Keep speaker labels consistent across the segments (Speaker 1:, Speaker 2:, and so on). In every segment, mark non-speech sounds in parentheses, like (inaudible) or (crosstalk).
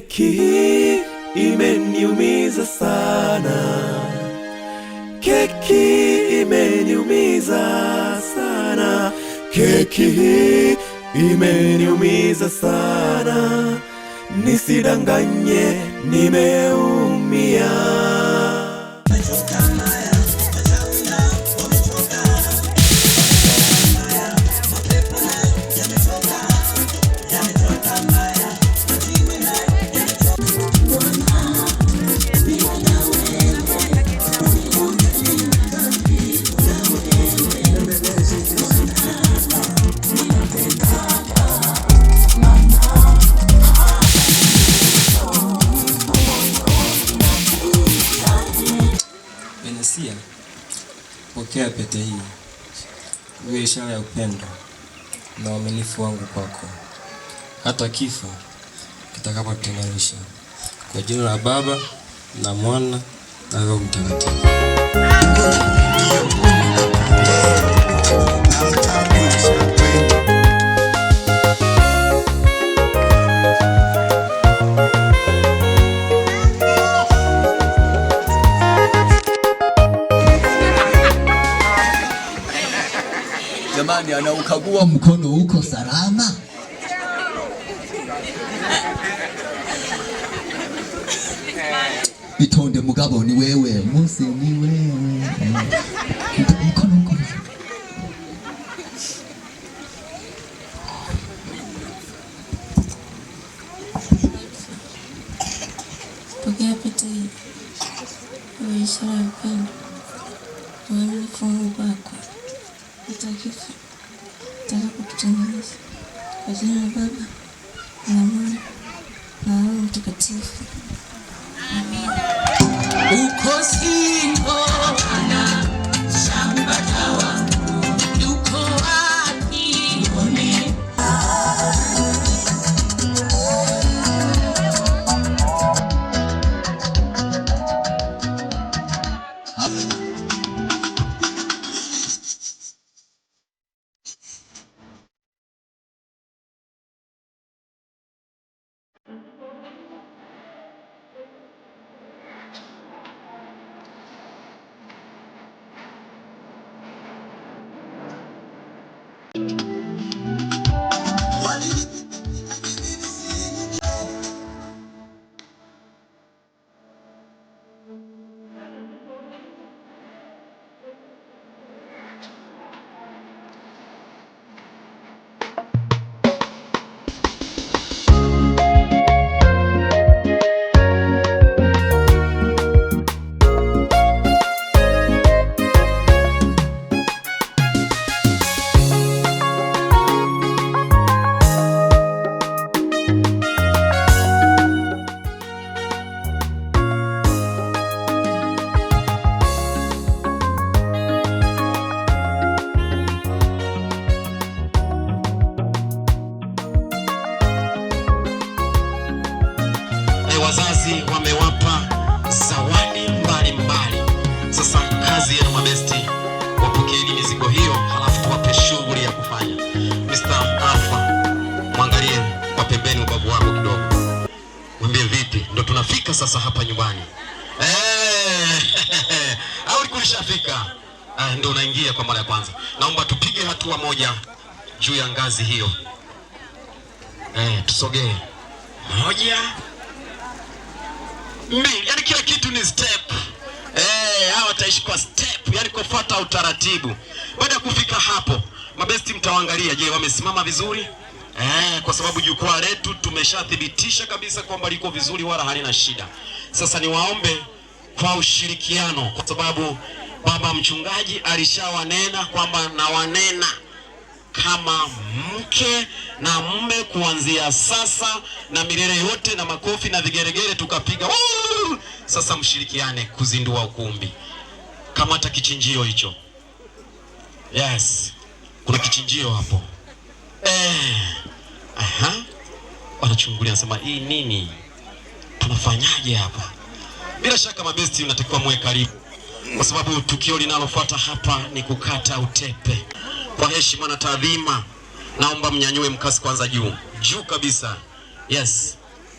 Speaker 1: Dhiki imeniumiza sana, keki imeniumiza sana, keki imeniumiza sana, nisidanganye nime
Speaker 2: Mesia, pokea pete hii, iwe ishara ya upendo na uaminifu wangu kwako, hata kifo kitakapotenganisha. Kwa jina la Baba na Mwana na Roho Mtakatifu.
Speaker 3: Jamani, anaukagua mkono uko salama? Itonde mugabo, ni wewe Musi, ni wewe
Speaker 4: ishara ya upendo, wako kitakatifu kitakapotutenganisha kwa jina la Baba na Mwana na Roho Mtakatifu.
Speaker 1: Amina. Thank you.
Speaker 5: sasa hapa nyumbani hey. Eh, (laughs) au kulishafika uh, ah, ndio unaingia kwa mara ya kwanza. Naomba tupige hatua moja juu ya ngazi hiyo eh, tusogee moja mbili, yani kila kitu ni step eh, hawa wataishi kwa step, yani kufuata utaratibu. Baada ya kufika hapo, mabesti mtawaangalia, je, wamesimama vizuri? Eh, kwa sababu jukwaa letu tumeshathibitisha kabisa kwamba liko vizuri wala halina shida. Sasa niwaombe kwa ushirikiano, kwa sababu baba mchungaji alishawanena kwamba nawanena kama mke na mme kuanzia sasa na milele yote, na makofi na vigeregere tukapiga. Sasa mshirikiane kuzindua ukumbi. Kamata kichinjio hicho. Yes, kuna kichinjio hapo eh aha, wanachungulia nasema hii nini, tunafanyaje hapa? Bila shaka mabesti, unatakiwa muwe karibu, kwa sababu tukio linalofuata hapa ni kukata utepe. Kwa heshima na taadhima, naomba mnyanyue mkasi kwanza juu juu kabisa, yes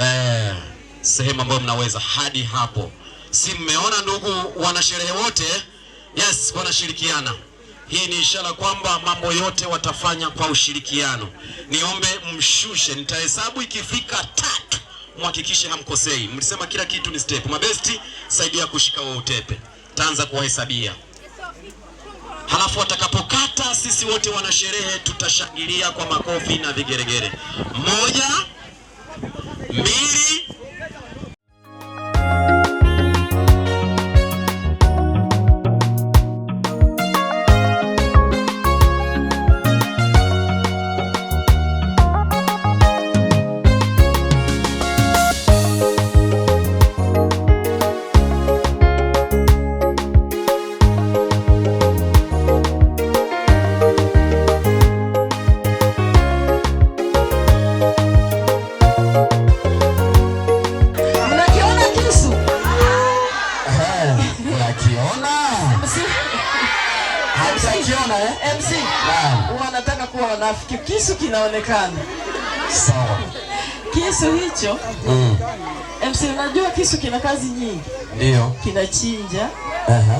Speaker 5: eh, sehemu ambayo mnaweza hadi hapo. Si mmeona ndugu wanasherehe wote? Yes, wanashirikiana. Hii ni ishara kwamba mambo yote watafanya kwa ushirikiano. Niombe mshushe, nitahesabu ikifika tatu, mhakikishe hamkosei. Mlisema kila kitu ni step. Mabesti, saidia kushika huo utepe, taanza kuwahesabia halafu watakapokata, sisi wote wanasherehe tutashangilia kwa makofi na vigeregere. Moja, mbili
Speaker 6: Unajiona eh? MC. Naam. Wanataka kuwa wanafiki. Kisu kinaonekana. Sawa. Kisu hicho. Mm. MC, unajua kisu kina kazi nyingi. Ndio. Kinachinja. Aha. Uh -huh.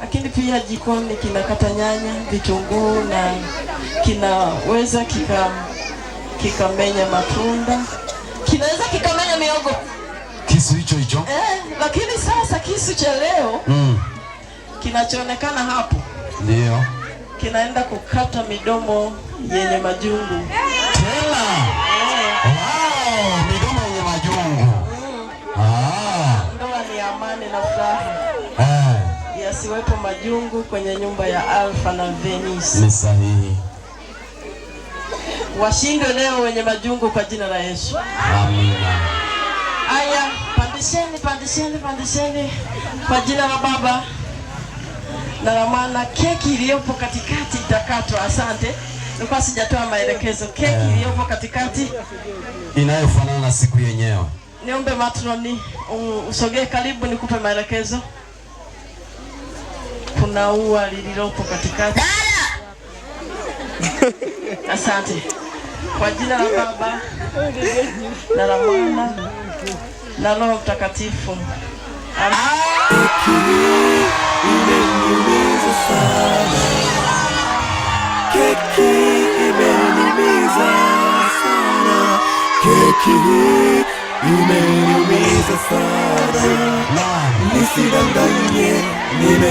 Speaker 6: Lakini pia jikoni kinakata nyanya, vitunguu na kinaweza kika kikamenya matunda. Kinaweza kikamenya miogo.
Speaker 7: Kisu hicho hicho.
Speaker 6: Eh, lakini sasa kisu cha leo mm. kinachoonekana hapo. Ndio kinaenda kukata midomo yenye majungu
Speaker 7: tena. Wow, midomo yenye majungu. Mm. Ah.
Speaker 6: Ndoa ni amani na furaha eh. yasiwepo majungu kwenye nyumba ya Alfa na Venisi.
Speaker 7: Ni sahihi.
Speaker 6: Washindwe leo wenye majungu kwa jina la Yesu.
Speaker 7: Amina.
Speaker 6: Aya, pandisheni pandisheni pandisheni kwa jina la Baba na na maana keki iliyopo katikati itakatwa. Asante, nilikuwa sijatoa maelekezo. Keki yeah, iliyopo katikati
Speaker 7: inayofanana na siku yenyewe.
Speaker 6: Niombe matroni usogee karibu, nikupe maelekezo. Kuna ua lililopo katikati. (laughs) Asante. Kwa jina la Baba na la Mwana na Roho Mtakatifu, amen.
Speaker 1: Ah! Yemeğimizi Keki yemeğimize sana Keki yemeğimize sana Keki yemeğimize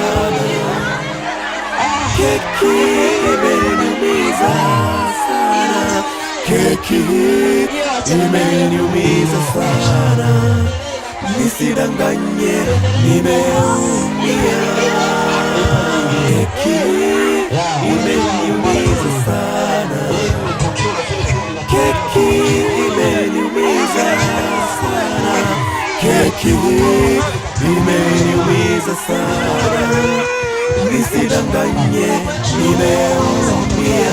Speaker 1: sana Keki yemeğimize sana Keki Umeniumiza sana, nisidanganye, nimeumia. sana, sana, imeniumiza sana, nisidanganye, nimeumia